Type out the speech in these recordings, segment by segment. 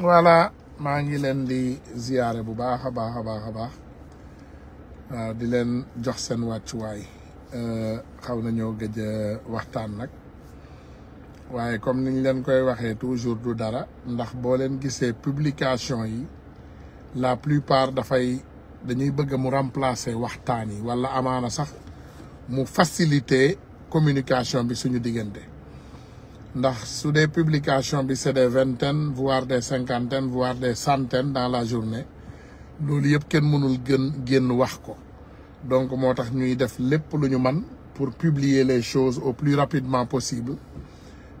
voilà maa ngi leen di ziyaare bu baax a baax a baax a baax di leen jox seen wàccuwaay euh, xaw na ñoo gëj waxtaan nag waaye comme niñ leen koy waxee toujours du dara ndax boo leen gisee publication yi la plupart dafay dañuy bëgg mu remplacer waxtaan yi walla amaana sax mu faciliter communication bi suñu diggante ndax sous des publications, bi c'est des vingtaines voire des cinquantaines voire des centaines dans la journée nous ne pouvons mënul gën de wax donc nous avons fait tout ce pour publier les choses au plus rapidement possible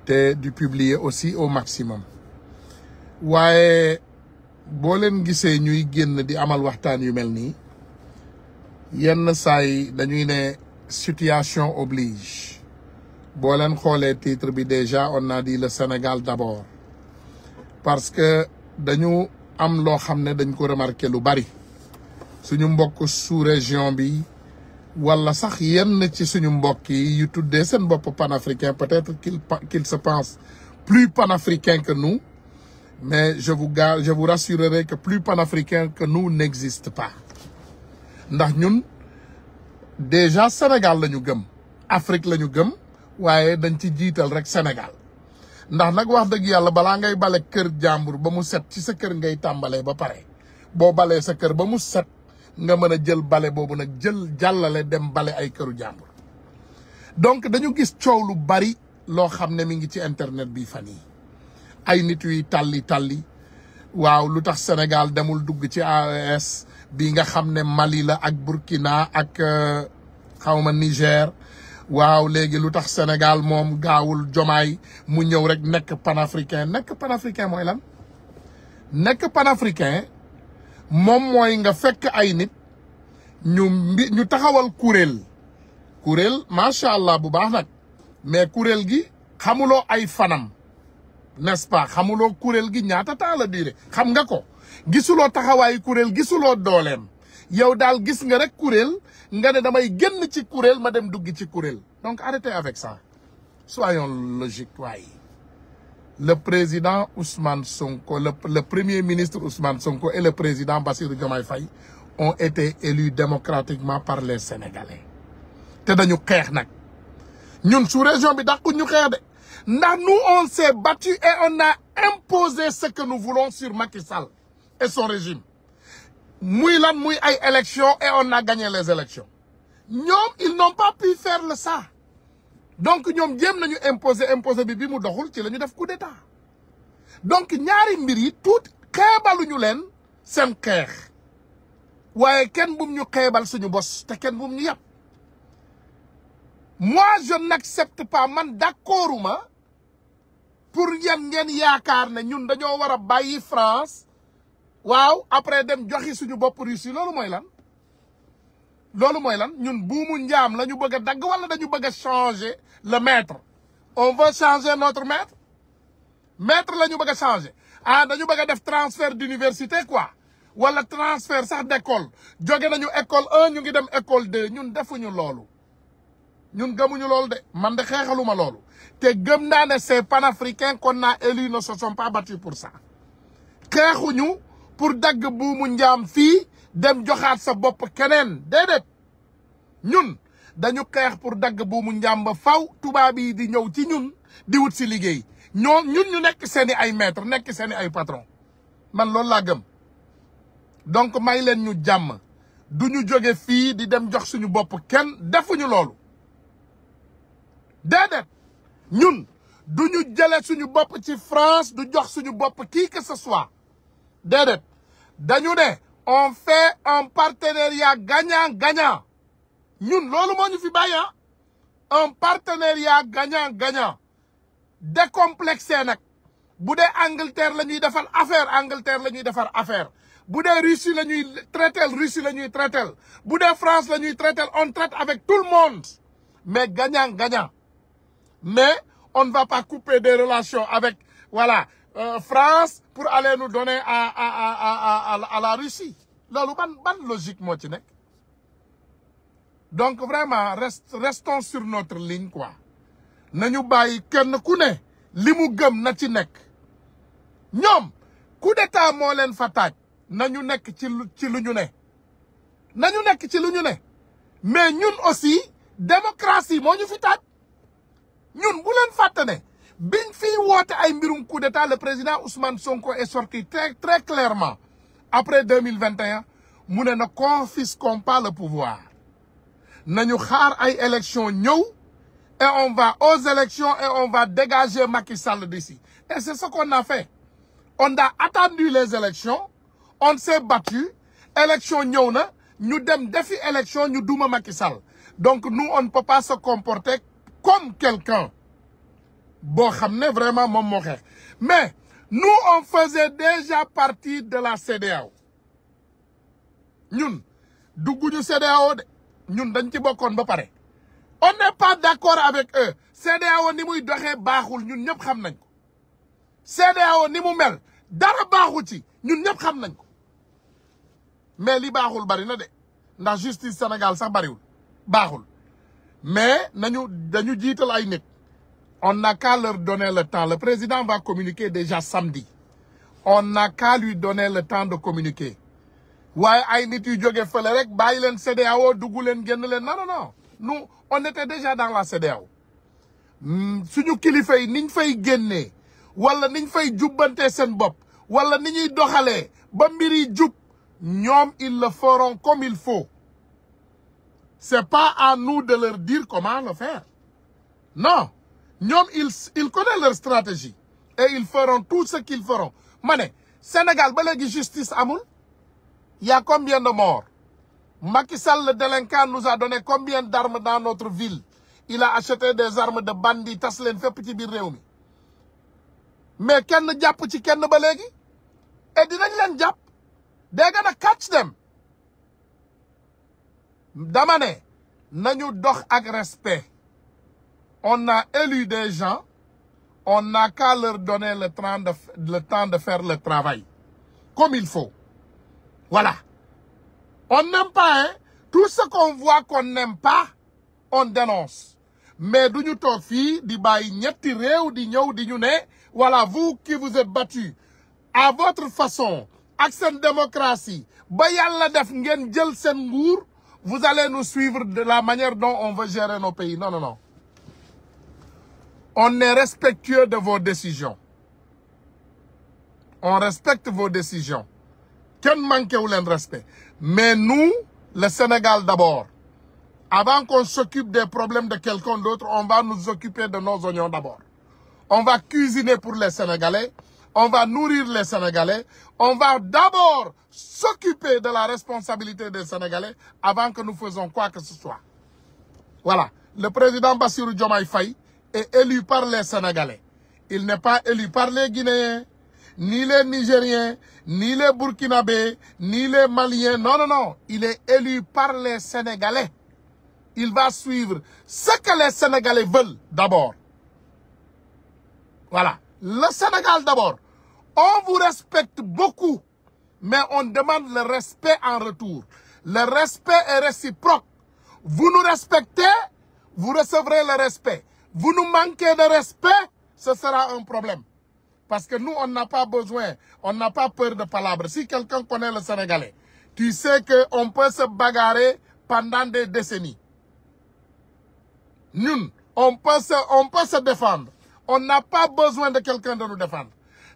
et du publier aussi au maximum si boo leen gisee ñuy nous di amal waxtaan yu mel yenn saa dañuy une situation oblige si leen titre bi déjà on a dit le Sénégal d'abord parce que dañu am lo xamné dañ ko remarqué lu bari suñu mbokk sous-région bi wala sax yenn ci suñu mbokk yi yu tuddé panafricain peut-être qu'il qu'il se pense plus panafricain que nous mais je vous je vous rassurerai que plus panafricain que nous n'existe pas ndax ñun déjà Sénégal lañu gëm Afrique gëm waaye dañ ci jiital rek Sénégal ndax nag wax dëgg yàlla balaa ngay bale kër jàmbur ba mu set ci sa kër ngay tàmbalee ba pare boo balee sa kër ba mu set nga mën a jël bale boobu nag jël jàllale dem bale ay këru jàmbur donc dañu gis coow lu bari loo xam ne mu ngi ci internet bi fan yi ay nit yuy tàlli tàlli waaw lu tax Sénégal demul dugg ci AES bi nga xam ne Mali la ak Burkina ak euh, xawma Niger waaw léegi lu tax Sénégal moom gaawul jomaay mu ñëw rek nekk panafricain nekk panafricain mooy lan nekk panafricain moom mooy nga fekk ay nit ñu mbi ñu taxawal kuréel kuréel macha allah bu baax nag mais kuréel gi xamuloo ay fanam n'est-ce pas xamuloo kuréel gi ñaata temps la xam nga ko gisuloo taxawaayu kuréel gisuloo dooleem yow dal gis nga rek kuréel nga ne damay genn ci kuréel ma dem dugg ci kuréel donc arrêtez avec ça soyons logiques le président Ousmane Sonko le, premier ministre Ousmane Sonko et le président Bassirou Diomaye Faye ont été élus démocratiquement par les Sénégalais té dañu xex Nous, ñun sous région bi dàqu ñu xex de ndax nous on s'est battu et on a imposé ce que nous voulons sur Macky Sall et son régime muy lan muy ay élections et on a gagné les élections Nyom ils n'ont pas pu faire le ça donc Nyom Diem nañu imposer imposer bi bi mu doxul ci la ñu def coup d'état donc ñaari mbir yi tuut xeebaluñu leen seen xeex waaye kenn nous ñu xeebal suñu boss, te kenn bum ñu moi je n'accepte pas man d'accorduma pour yan ngeen yaakaar ne ñun dañoo wara baye France Wow, après dem joxi suñu bopp Russie lan lolu moy lan ñun buumu bëgg wala changer le maître on veut changer notre maître maître lañu bëgg changer ah dañu bëgg def transfert d'université quoi wala transfert sax d'école jóge nañu école un ñu ngi dem école deux ñun defuñu lolu ñun gëmuñu lolu de man de xéxaluma lolu té gëm ne ces panafricains qu'on a élus ne se sont pas battus pour ça pour bu mu ndiam fi dem joxat sa bop kenen dedet ñun dañu xex pour bu mu ndiam ba faw tuba bi di ñew ci ñun di wut ci liggey ñoo ñun ñu nek seeni ay maître nek seeni ay patron man lool la gëm donc may leen ñu jam du ñu di dem jox suñu ken, kenn defuñu loolu dedet ñun du ñu jële suñu bop ci France du jox suñu bop ki que ce soit dedet on fait un partenariat gagnant-gagnant Nous, loolu moo ñu fi ça. Ah. un partenariat gagnant-gagnant décomplexé nag Angleterre la de faire affaire Angleterre la ñuy affaire bu Russie la traite elle Russie la nuit, traite elle. France la traite elle. on traite avec tout le monde mais gagnant-gagnant mais on ne va pas couper des relations avec voilà euh, France pour aller nous donner à, à, à, à la Russie loolu ban ban logique moi, donc vraiment rest restons sur notre ligne quoi nañu bàyyi kenn ku ne li mu gëm na ci nous. ñoom coup d'état moo leen fa taaj nañu nekk ci lu ci lu ñu ne nañu nekk ci lu ne mais ñun aussi démocratie moo ñu fi taaj ñun bu leen fàtte ne coup d'état le président Ousmane Sonko est sorti très très clairement après 2021. Nous ne confisquons pas le pouvoir nañu xaar ay élections et on va aux élections et on va dégager Macky Sall d'ici et c'est ce qu'on a fait on a attendu les élections on s'est battu élection nous na ñu dem défi élection nous sommes Macky Sall donc nous on ne peut pas se comporter comme quelqu'un Bon, vraiment mon mais nous on faisait déjà partie de la CEDEAO Nous, nous CEDEAO de ñun dañ ci on n'est pas d'accord avec eux CEDEAO ni muy ñun ko ni mu mel dara ci mais li de justice Sénégal mais nous, dañu nous, on n'a qu'à leur donner le temps. Le président va communiquer déjà samedi. On n'a qu'à lui donner le temps de communiquer. Why ay nit yu jóge fële rek bàyyi CEDEAO dugg leen non non non nous on était déjà dans la CEDEAO hmm, suñu kilifa yi niñ fay fait wala niñ fay jubbante fait bopp wala ni ñuy doxalee ba mbir yi jub nous ils le feront comme il faut c'est pas à nous de leur dire comment le faire non ils connaissent leur stratégie et ils feront tout ce qu'ils feront Mané, Sénégal ba justice Il y a combien de morts Macky le délinquant nous a donné combien d'armes dans notre ville il a acheté des armes de bandits tas fait petit ci mais nous avons ci kenn ba léegi et dinañ nous jàpp they're gonna catch them Damane, nous nañu dox respect on a élu des gens, on n'a qu'à leur donner le temps, de, faire le travail. Comme il faut. Voilà. On n'aime pas, hein? Tout ce qu'on voit qu'on n'aime pas, on dénonce. Mais duñu nous, di ñetti voilà vous qui vous êtes battu à votre façon accent démocratie def vous allez nous suivre de la manière dont on veut gérer nos pays non non non on est respectueux de vos décisions. On respecte vos décisions. Quel manque ou de respect. Mais nous, le Sénégal d'abord, avant qu'on s'occupe des problèmes de quelqu'un d'autre, on va nous occuper de nos oignons d'abord. On va cuisiner pour les Sénégalais, on va nourrir les Sénégalais, on va d'abord s'occuper de la responsabilité des Sénégalais avant que nous faisons quoi que ce soit. Voilà. Le président Bassirou Diomaye Faye, est élu par les Sénégalais. Il n'est pas élu par les Guinéens, ni les Nigériens, ni les Burkinabés, ni les Maliens. Non, non, non. Il est élu par les Sénégalais. Il va suivre ce que les Sénégalais veulent d'abord. Voilà. Le Sénégal d'abord. On vous respecte beaucoup, mais on demande le respect en retour. Le respect est réciproque. Vous nous respectez, vous recevrez le respect. Vous nous manquez de respect, ce sera un problème. Parce que nous, on n'a pas besoin, on n'a pas peur de palabres. Si quelqu'un connaît le Sénégalais, tu sais qu'on peut se bagarrer pendant des décennies. Nous, on peut se, on peut se défendre. On n'a pas besoin de quelqu'un de nous défendre.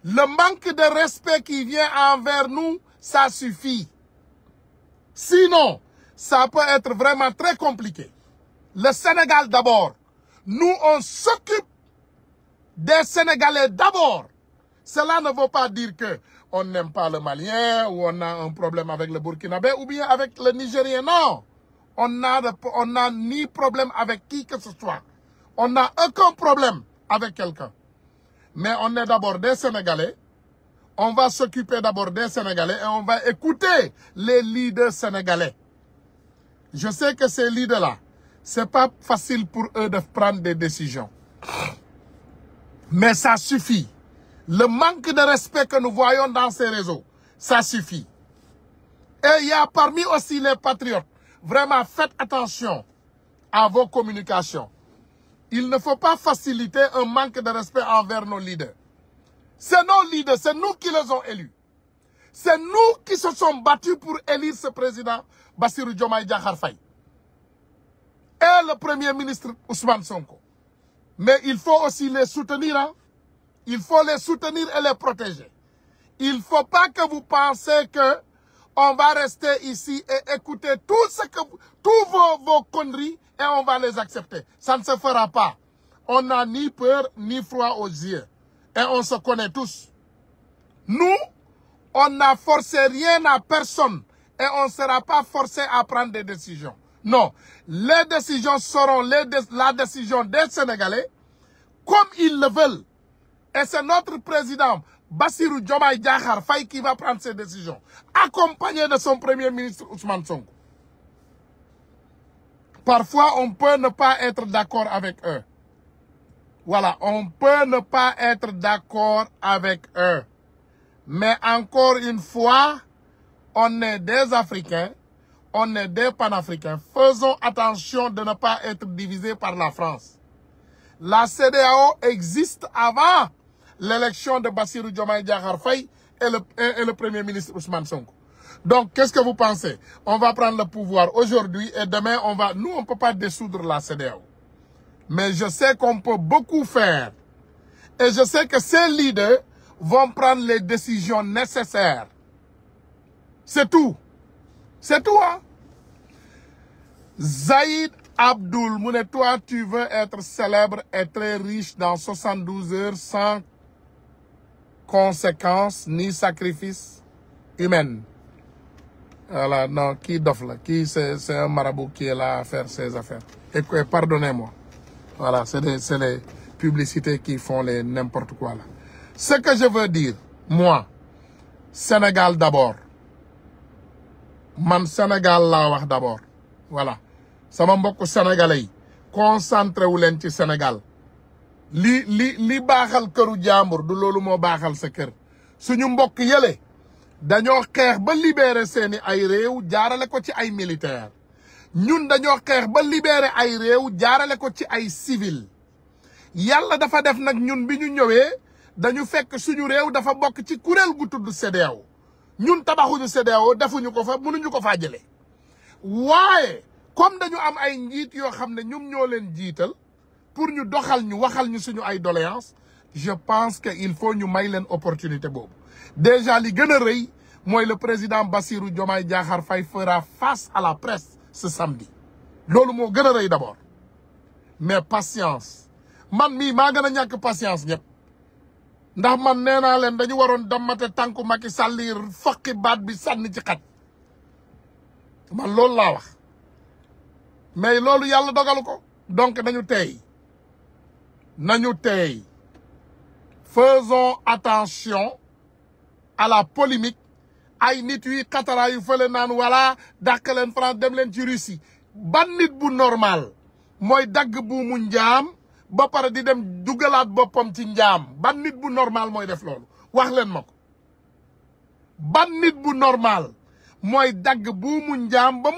Le manque de respect qui vient envers nous, ça suffit. Sinon, ça peut être vraiment très compliqué. Le Sénégal d'abord, nous, on s'occupe des Sénégalais d'abord. Cela ne veut pas dire que on n'aime pas le Malien ou on a un problème avec le Burkinabé ou bien avec le Nigérien. Non, on n'a on a ni problème avec qui que ce soit. On n'a aucun problème avec quelqu'un. Mais on est d'abord des Sénégalais. On va s'occuper d'abord des Sénégalais et on va écouter les leaders sénégalais. Je sais que ces leaders-là, c'est pas facile pour eux de prendre des décisions. Mais ça suffit. Le manque de respect que nous voyons dans ces réseaux, ça suffit. Et il y a parmi aussi les patriotes. Vraiment, faites attention à vos communications. Il ne faut pas faciliter un manque de respect envers nos leaders. C'est nos leaders, c'est nous qui les avons élus. C'est nous qui se sommes battus pour élire ce président Bassirou Diomaye Diakhar et le Premier ministre Ousmane Sonko. Mais il faut aussi les soutenir. Hein? Il faut les soutenir et les protéger. Il ne faut pas que vous pensez que on va rester ici et écouter tout ce que, tous vos, vos conneries et on va les accepter. Ça ne se fera pas. On n'a ni peur ni froid aux yeux. Et on se connaît tous. Nous, on n'a forcé rien à personne et on ne sera pas forcé à prendre des décisions. Non, les décisions seront la décision des Sénégalais comme ils le veulent. Et c'est notre président, Bassirou Diomaye Diakhar Fay qui va prendre ces décisions, accompagné de son premier ministre Ousmane Sonko. Parfois, on peut ne pas être d'accord avec eux. Voilà, on peut ne pas être d'accord avec eux. Mais encore une fois, on est des Africains, on est des panafricains. Faisons attention de ne pas être divisés par la France. La CDAO existe avant l'élection de Bassirou Diomaye Diakhar Faye et le, Premier ministre Ousmane Sonko. Donc, qu'est-ce que vous pensez On va prendre le pouvoir aujourd'hui et demain, on va... Nous, on ne peut pas dissoudre la CDAO. Mais je sais qu'on peut beaucoup faire. Et je sais que ces leaders vont prendre les décisions nécessaires. C'est tout. C'est tout, hein Zaïd Abdul toi tu veux être célèbre et très riche dans 72 heures sans conséquences ni sacrifices humains. Voilà, non, qui dofle qui c'est un marabout qui est là à faire ses affaires. Et, pardonnez-moi. Voilà, c'est les publicités qui font les n'importe quoi là. Ce que je veux dire, moi, Sénégal d'abord. Man Sénégal là d'abord voilà sama mbokku sénégalais yi concentré wu leen ci senegal li li li baaxal këru jàmbur du loolu moo baaxal sa kër suñu mbokk yële dañoo xeex ba libéré seeni ay réew jaarale ko ci ay militaire ñun dañoo xeex ba libeere ay réew jaarale ko ci ay civil yàlla dafa def nag ñun bi ñu ñëwee dañu fekk suñu réew dafa bokk ci kuréel gu tudd CEDEAO ñun tabaxuñu CEDEAO defuñu ko fa mënuñu ko faa jëlee waaye comme dañu am ay njit yo xam ñum ñoo leen jital pour ñu doxal ñu waxal ñu suñu ay doléance je pense que il faut ñu may leen opportunité boobu déjà li gëna reuy moy le président Bassirou Diomay Diakhar Fay fera face à la presse ce samedi lolu mo gëna reuy d'abord mais patience man mi ma gëna a patience ñep ndax man néna leen dañu waron dammate tanku Macky Sall faqi baat bi sànni ci xat man lolu la wax mais loolu yalla dogalu ko donc nañu tay nañu tay faisons attention à la polémique ay nit yi yu fele wala France dem ci Russie nit bu normal bu mu ba di dem ci nit bu normal moy def lolu wax len nit bu normal bu mu la ba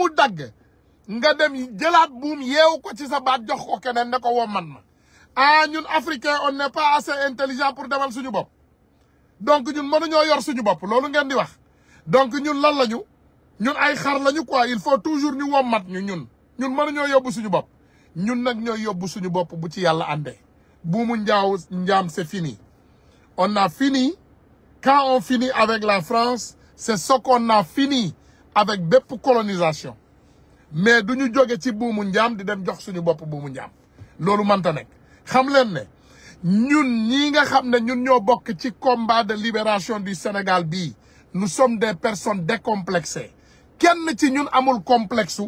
nga dem jëlat boom yew ko ci sa baat jox ko kenen ne ko wo man ma ah ñun africain on n'est pas assez intelligent pour demal suñu bop donc ñun ñoo yor suñu bop lolu ngeen di wax donc ñun lan lañu ñun ay xar lañu quoi il faut toujours ñu mat ñu ñun ñun ñoo yobbu suñu bop ñun nak ñoo yobbu suñu bop bu ci andé bu mu njaaw ndiam c'est fini on a fini quand on finit avec la France c'est ce qu'on a fini avec bépp colonisation mais du ñu jóge ci buumu njaam di dem jox suñu bopp buumu njaam loolu mënta nekk xam leen ne ñun ñi nga xam ne ñun ñoo bokk ci combat de libération du Sénégal bii nous sommes des personnes décomplexées kenn ci ñun amul complexe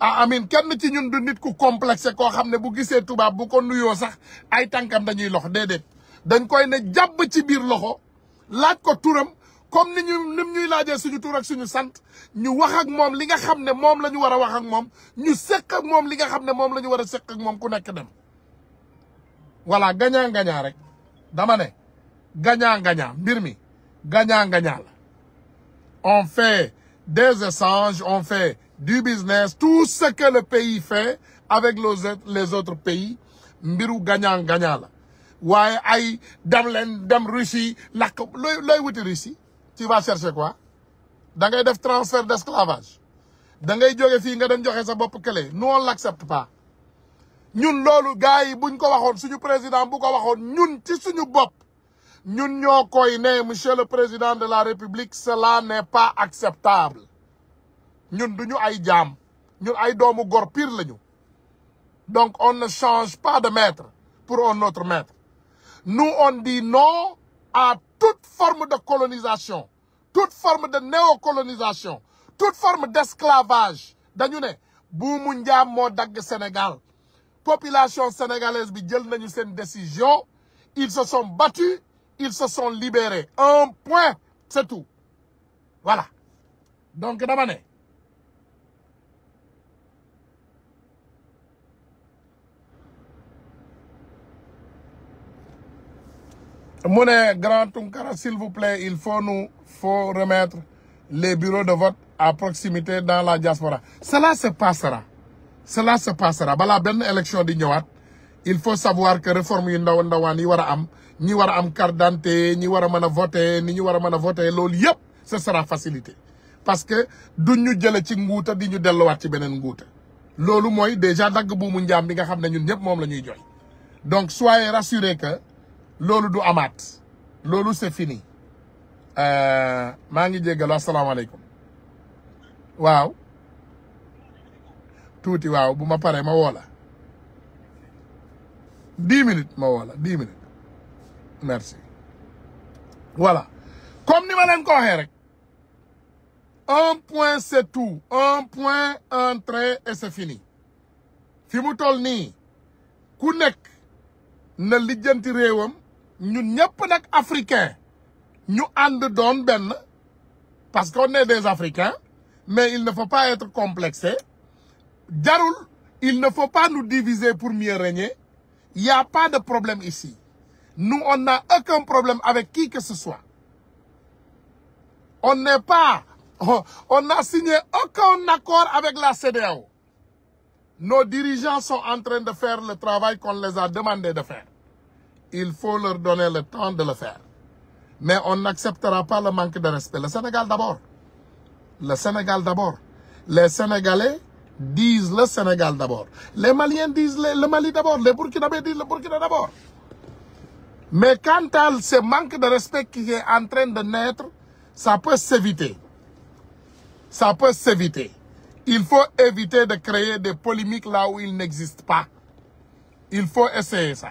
a amin kenn ci ñun du nit ku complexé koo xam ne bu gisee tubaab bu ko nuyoo sax ay tànkam dañuy lox déedéet dañ koy ne jàpp ci biir loxo laaj ko turam comme nous, nous ni ñuy laajee suñu nous ak sur le ñu Nous ak moom li ne moom la nous war a wax ak Nous ñu sëq ak ne la nous war a sëq voilà gagnant gagnant Damané, gagnant gagnant Birmi, gagnant gagnant on fait des échanges on fait du business tout ce que le pays fait avec les autres pays Birou, gagnant gagnant ouais Aïe, ay dem d'am Russie, Russie lakk looy looy wuti Russie tu vas chercher quoi da ngay def transfert d'esclavage esclavage da ngay jóge fii nga dem joxe sa nous on l'accepte pas ñun loolu nous yi buñ ko waxoon suñu président bu ko waxoon ñun ci suñu bopp ñun nous koy monsieur le président de la république cela n'est pas acceptable ñun duñu ay jaam ñun ay doomu nous pire lañu donc on ne change pas de maître pour un autre maître nous on dit non à toute forme de colonisation toute forme de néocolonisation toute forme d'esclavage dañu ne Sénégal population sénégalaise une décision ils se sont battus ils se sont libérés un point c'est tout voilà donc dama mu grand Tunkara s'il vous plaît il faut nous faut remettre les bureaux de vote à proximité dans la diaspora cela se passera cela se passera Bala ben élection di ñëwaat il faut savoir que réforme yu ndaw ndawaan wara am ñi wara am carte d'identité ñi war voter ni ñu war voter loolu yëpp ce sera facilité parce que duñ ñu jële ci nguuta di ñu delluwaat ci beneen loolu déjà dagg buumu njaam bi nga ñun la ñuy donc soyez rassurés que lolu du amaat lolu c'est fini euh, maa ngi assalam asalaamaaleykum waaw touti waaw buma ma ma wola dix minutes ma wola dix minutes merci voilà comme ni ma len ko rek un point c'est tout un point un trait et c'est fini fi mu toll ku nek na lijjanti nous, sommes pas Africains, nous sommes parce qu'on est des africains mais il ne faut pas être complexé Darul, il ne faut pas nous diviser pour mieux régner il n'y a pas de problème ici nous on n'a aucun problème avec qui que ce soit on n'est pas on n'a signé aucun accord avec la CEDEAO nos dirigeants sont en train de faire le travail qu'on les a demandé de faire il faut leur donner le temps de le faire. Mais on n'acceptera pas le manque de respect. Le Sénégal d'abord. Le Sénégal d'abord. Les Sénégalais disent le Sénégal d'abord. Les Maliens disent le, Mali d'abord. Les Burkinabés disent le Burkina d'abord. Mais quant à ce manque de respect qui est en train de naître, ça peut s'éviter. Ça peut s'éviter. Il faut éviter de créer des polémiques là où il n'existe pas. Il faut essayer ça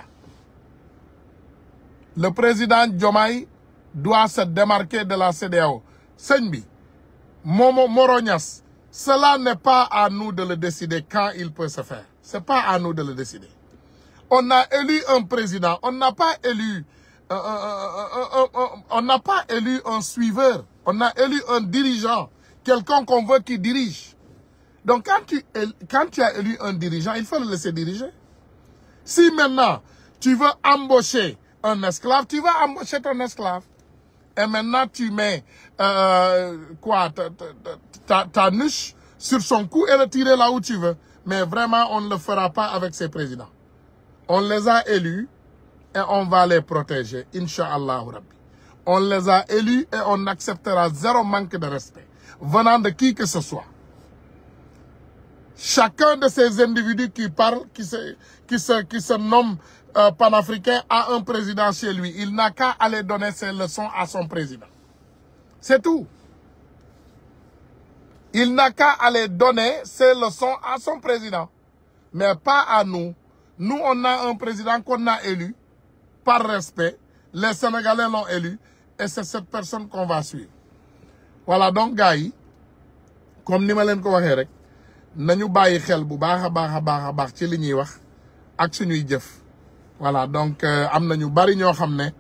le président Jomaï doit se démarquer de la CDAO. Senbi, Momo cela n'est pas à nous de le décider quand il peut se faire Ce n'est pas à nous de le décider on a élu un président on n'a pas élu euh, euh, euh, on n'a pas élu un suiveur on a élu un dirigeant quelqu'un qu'on veut qui dirige donc quand tu quand tu as élu un dirigeant il faut le laisser diriger si maintenant tu veux embaucher un esclave, tu vas embaucher ton esclave. Et maintenant, tu mets euh, quoi ta, ta, ta, niche sur son cou et le tirer là où tu veux. Mais vraiment, on ne le fera pas avec ces présidents. On les a élus et on va les protéger, Inch'Allah Rabbi. On les a élus et on acceptera zéro manque de respect venant de qui que ce soit. Chacun de ces individus qui parlent, qui se, qui se, qui se nomment un panafricain a un président chez lui. Il n'a qu'à aller donner ses leçons à son président. C'est tout. Il n'a qu'à aller donner ses leçons à son président, mais pas à nous. Nous, on a un président qu'on a élu par respect. Les Sénégalais l'ont élu et c'est cette personne qu'on va suivre. Voilà, donc, Gaï, comme voilà donc euh, ñu bari xam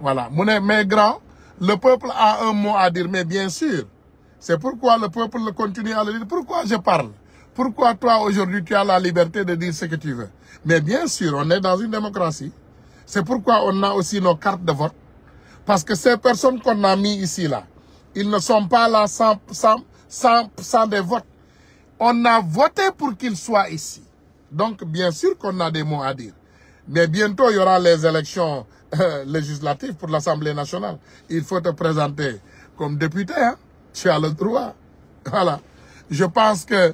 voilà mon mais grand le peuple a un mot à dire mais bien sûr c'est pourquoi le peuple continue à le dire pourquoi je parle pourquoi toi aujourd'hui tu as la liberté de dire ce que tu veux mais bien sûr on est dans une démocratie c'est pourquoi on a aussi nos cartes de vote parce que ces personnes qu'on a mis ici là ils ne sont pas là sans sans des votes on a voté pour qu'il soit ici. Donc, bien sûr qu'on a des mots à dire. Mais bientôt, il y aura les élections euh, législatives pour l'Assemblée nationale. Il faut te présenter comme député. Hein. Tu as le droit. Voilà. Je pense que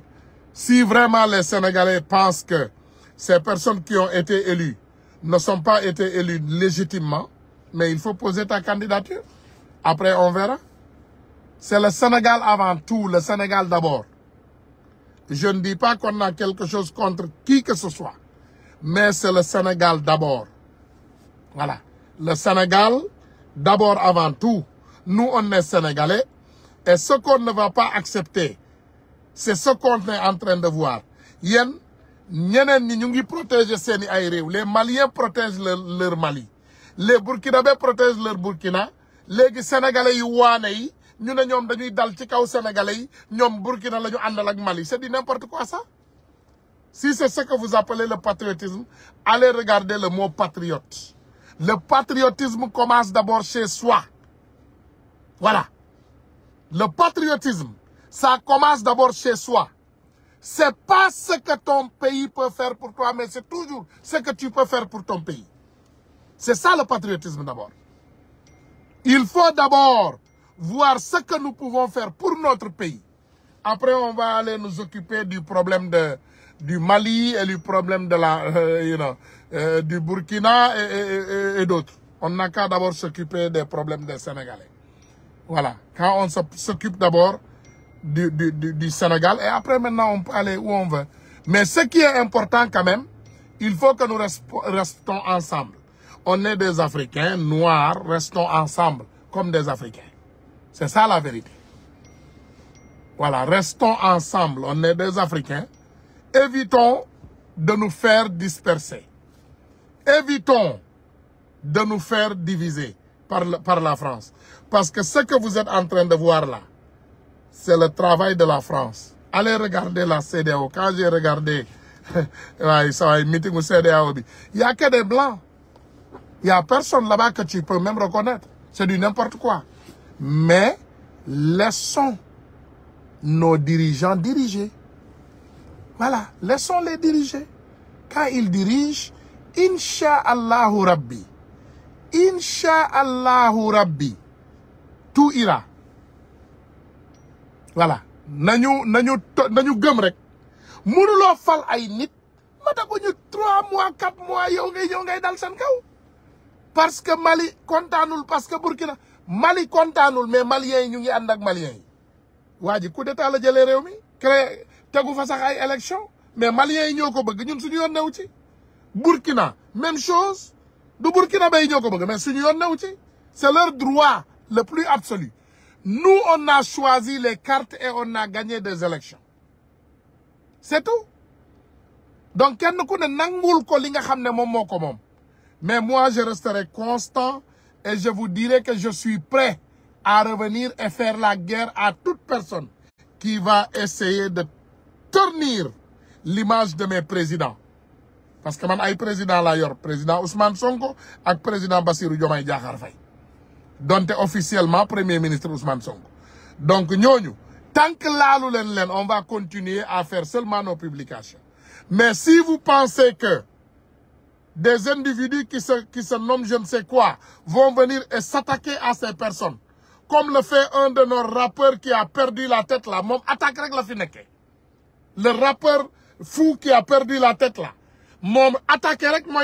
si vraiment les Sénégalais pensent que ces personnes qui ont été élues ne sont pas été élues légitimement, mais il faut poser ta candidature. Après, on verra. C'est le Sénégal avant tout, le Sénégal d'abord. Je ne dis pas qu'on a quelque chose contre qui que ce soit. Mais c'est le Sénégal d'abord. Voilà. Le Sénégal, d'abord avant tout. Nous, on est Sénégalais. Et ce qu'on ne va pas accepter, c'est ce qu'on est en train de voir. les Maliens protègent leur Mali les Burkinabés protègent leur Burkina Les sénégalais yu ñu c'est n'importe quoi ça si c'est ce que vous appelez le patriotisme allez regarder le mot patriote le patriotisme commence d'abord chez soi voilà le patriotisme ça commence d'abord chez soi c'est pas ce que ton pays peut faire pour toi mais c'est toujours ce que tu peux faire pour ton pays c'est ça le patriotisme d'abord il faut d'abord voir ce que nous pouvons faire pour notre pays. Après, on va aller nous occuper du problème de, du Mali et du problème de la, euh, you know, euh, du Burkina et, d'autres. On n'a qu'à d'abord s'occuper des problèmes des Sénégalais. Voilà. Quand on s'occupe d'abord du, du, du, du, Sénégal et après maintenant on peut aller où on veut. Mais ce qui est important quand même, il faut que nous restons ensemble. On est des Africains noirs, restons ensemble comme des Africains. C'est ça la vérité. Voilà, restons ensemble. On est des Africains. Évitons de nous faire disperser. Évitons de nous faire diviser par, par la France. Parce que ce que vous êtes en train de voir là, c'est le travail de la France. Allez regarder la CDAO. Quand j'ai regardé ça meeting au CDAO, il n'y a que des blancs. Il n'y a personne là-bas que tu peux même reconnaître. C'est du n'importe quoi. Mais laissons nos dirigeants diriger. Voilà, laissons-les diriger. Quand ils dirigent, Inch'Allahu Rabbi, Inch'Allahu Rabbi, tout ira. Voilà, nañu nañu nañu gëm rek fal ay nit mata trois mois quatre mois yow yonge dal parce que Mali nous, parce que Burkina Mali nous, mais maliens ñu ngi and ak maliens yi waa coup d'état la jëlee réew mi créé tegu fa sax ay élection mais maliens yi ñoo bëgg ñun suñu yoon ci Burkina même chose du Burkina bay ñoko bëgg mais suñu yoon new ci c'est leur droit le plus absolu nous on a choisi les cartes et on a gagné des élections c'est tout donc kenn ku ne nangul ko li nga xamné mom moko mom mais moi je resterai constant et je vous dirai que je suis prêt à revenir et faire la guerre à toute personne qui va essayer de ternir l'image de mes présidents. Parce que je suis président la yor président Ousmane Sonko et président Bassirou Diomaye Diakhar Donc est officiellement premier ministre Ousmane Sonko donc nous, tant que là, on va continuer à faire seulement nos publications mais si vous pensez que des individus qui se, qui se nomment je ne sais quoi vont venir et s'attaquer à ces personnes. Comme le fait un de nos rappeurs qui a perdu la tête là. attaque avec la Le rappeur fou qui a perdu la tête là. Mom, attaque avec moi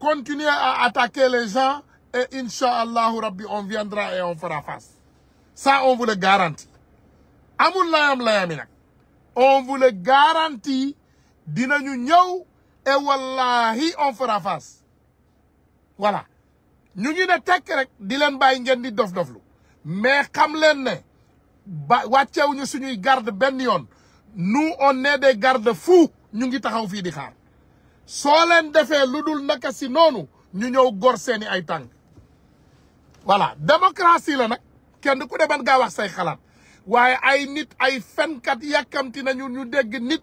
Continuez à attaquer les gens et Inch'Allah, on viendra et on fera face. Ça, on vous le garantit. Amoun layaminak. On vous le garantit. et wallahi on fera face voilà ñu ñu ne tek rek di len bay ngeen di dof doflu mais xam len ne ba ñu suñuy garde ben yon nous on est des garde fou ñu ngi taxaw fi di xaar so len defé lu naka si nonu ñu ñew gor seeni ay tang voilà démocratie la nak kenn ku deban ga wax say xalaat waye ay nit ay fenkat yakamti nañu ñu dégg nit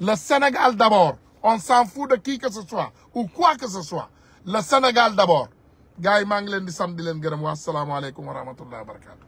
Le Sénégal d'abord. On s'en fout de qui que ce soit ou quoi que ce soit. Le Sénégal d'abord. gars Manglen maa di sant di leen wa rahmatullahi wa barakatuh.